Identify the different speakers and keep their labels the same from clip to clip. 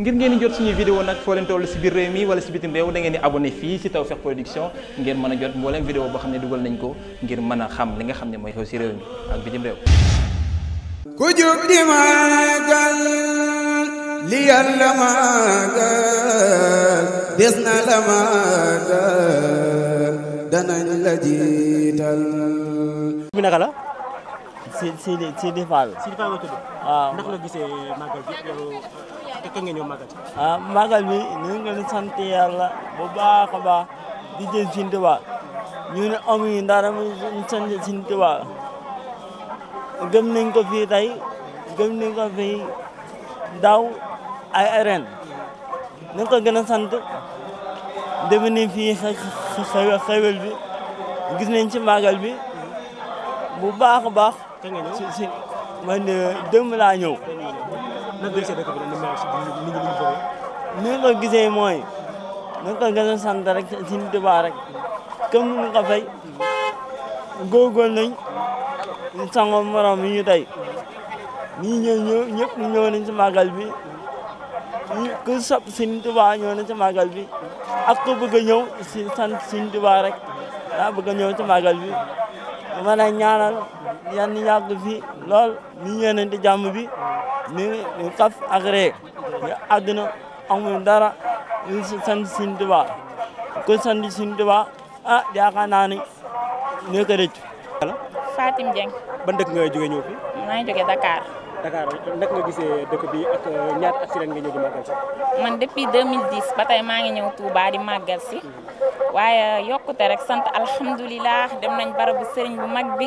Speaker 1: ngir ngeen di jot suñuy vidéo nag foo leen si biir réew mi wala si bitim réew da ngeen di abonné fii si Tawfekh Production ngeen mën a jot mbooleem vidéo boo xam ne dugal nañ ko ngir mën a xam li nga xam ne mooy xew si réew mi ak bitim réew
Speaker 2: ku jóg di màggal li yàlla màggal des na la màggal danañ la jiital bi naka la si si si di ndax nga gisee màggal gi fekke ngeen ñëw màggal. ah màggal bi ñu ngi leen sant yàlla bu baax a baax di jël Sëriñ Tuubaa ñu ne amuñu dara mu sant Sëriñ Tuubaa gëm nañ ko fii tey gëm nañ ko fii daaw ay ren nañ ko gën a sant deme nañ fii xewel bi gis nañ ci màggal bi bu baax a baax. man démb laa ñëw. nag nga gisee mooy na ko gën a sant rek Sëñ Tuubaa rek kenn mënu ko nañ sangam morom yi ñu tey ñëw ñëw ñëpp ñëw nañ si màggal bi ku sab Sëñ Tuubaa ñëw nañ si màggal bi ak ku bëgg si sant Sëñ Tuubaa rek daa bëgg si màggal bi ma lay ñaanal yan yàgg fii lool ñu yéenante jàmm bi ñu ngi kaf ak ree dara ñu sant Sëriñ Tuubaa ku sant Sëriñ Tuubaa ah yaakaar naa ni ñu ko rëcc. Fatim Dieng. ban dëkk nga jógee ñëw fi.
Speaker 3: maa ngi jógee Dakar.
Speaker 2: Dakar naka nga gisee
Speaker 1: dëkk bi ak euh, ñaata accident nga ñëw di màggal si.
Speaker 3: man depuis ba tey maa ngi ñëw Touba di màggal si. waaye euh, yokkute rek sant alhamdulilah dem nañ barabu sëriñ bu mag bi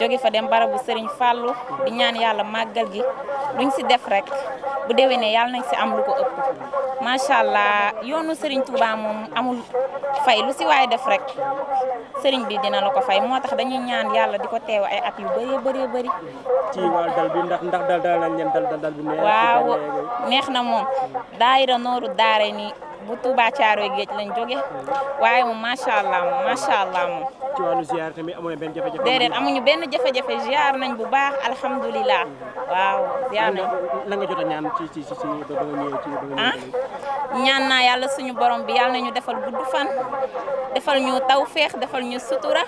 Speaker 3: jóge fa dem bara bu sëriñ Fallou di ñaan yàlla màggal gi luñ si def rek bu déwénee yàlla nañ si am lu ko ëpp. macha allah yoonu sëriñ Touba moom amul fay lu si waaye def rek sëriñ bi dina la ko fay moo tax dañuy ñaan yàlla di ko teew ay at yu bëree bëri bëri.
Speaker 1: ndax dal dal nañ leen dal dal bu neex waaw
Speaker 3: neex na moom daayira nooru daare nii bu Touba Thiaroye Géej lañ jóge waaye moom macha allah moom macha allah moom. ci wàllu ziar tamit amuñu benn jafe-jafe. déedéet amuñu benn jafe-jafe ziar nañ bu baax alhamdulilah. waaw ziar nañ la nga jot a ñaan
Speaker 1: ci ci ci ba nga ñëw ci ba nga ñëw ah,
Speaker 3: ñaan naa yàlla suñu borom bi yàlla nañu defal gudd fan defal ñu tawféex defal ñu sutura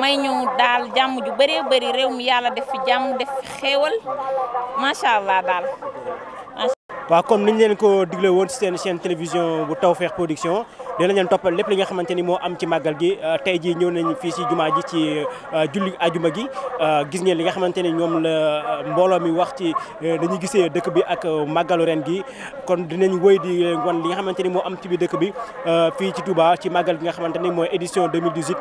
Speaker 3: may ñu daal jàmm ju bëree bëri réew mi yàlla def fi jàmm def fi xéewal macha allah daal.
Speaker 1: waaw kon ni ñu leen ko digle woon ci seen chaîne télévision bu taw Tawfekh Production dinañ leen toppal lépp li nga xamante ni moo am ci màggal gi euh, tey jii ñëw nañ fii ci jumaa ji ci euh, julli ajuma gi euh, gis ngeen li nga xamante ni ñoom la mbooloo mi wax ci dañuy gisee dëkk bi ak màggalu reen gi kon dinañ wëy di wan li nga xamante ni moo am ci dëkk bi fii ci tubaa ci màggal gi nga xamante ni mooy édition 2018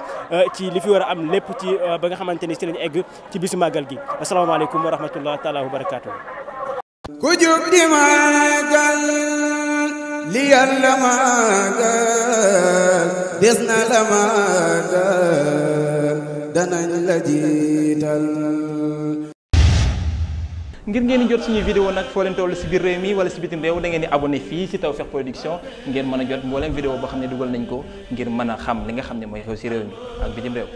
Speaker 1: ci li fi war a am lépp ci ba nga xamante ni ci lañ egg ci bisu màggal gi asalaamaaleykum wa rahmatullah taala wa ku jub
Speaker 2: di màggal li Yàlla màggal des na la màggal danañ la jiital ngir ngeen
Speaker 1: jot suñuy vidéo nag foo leen toll si biir réew mi wala si bitim réew da ngeen di abonné fii si Tawfekh Production ngeen mën a jot mbooleem vidéo boo xam ne dugal nañ ko ngir mën a xam li nga xam ne mooy xew si réew mi ak bitim réew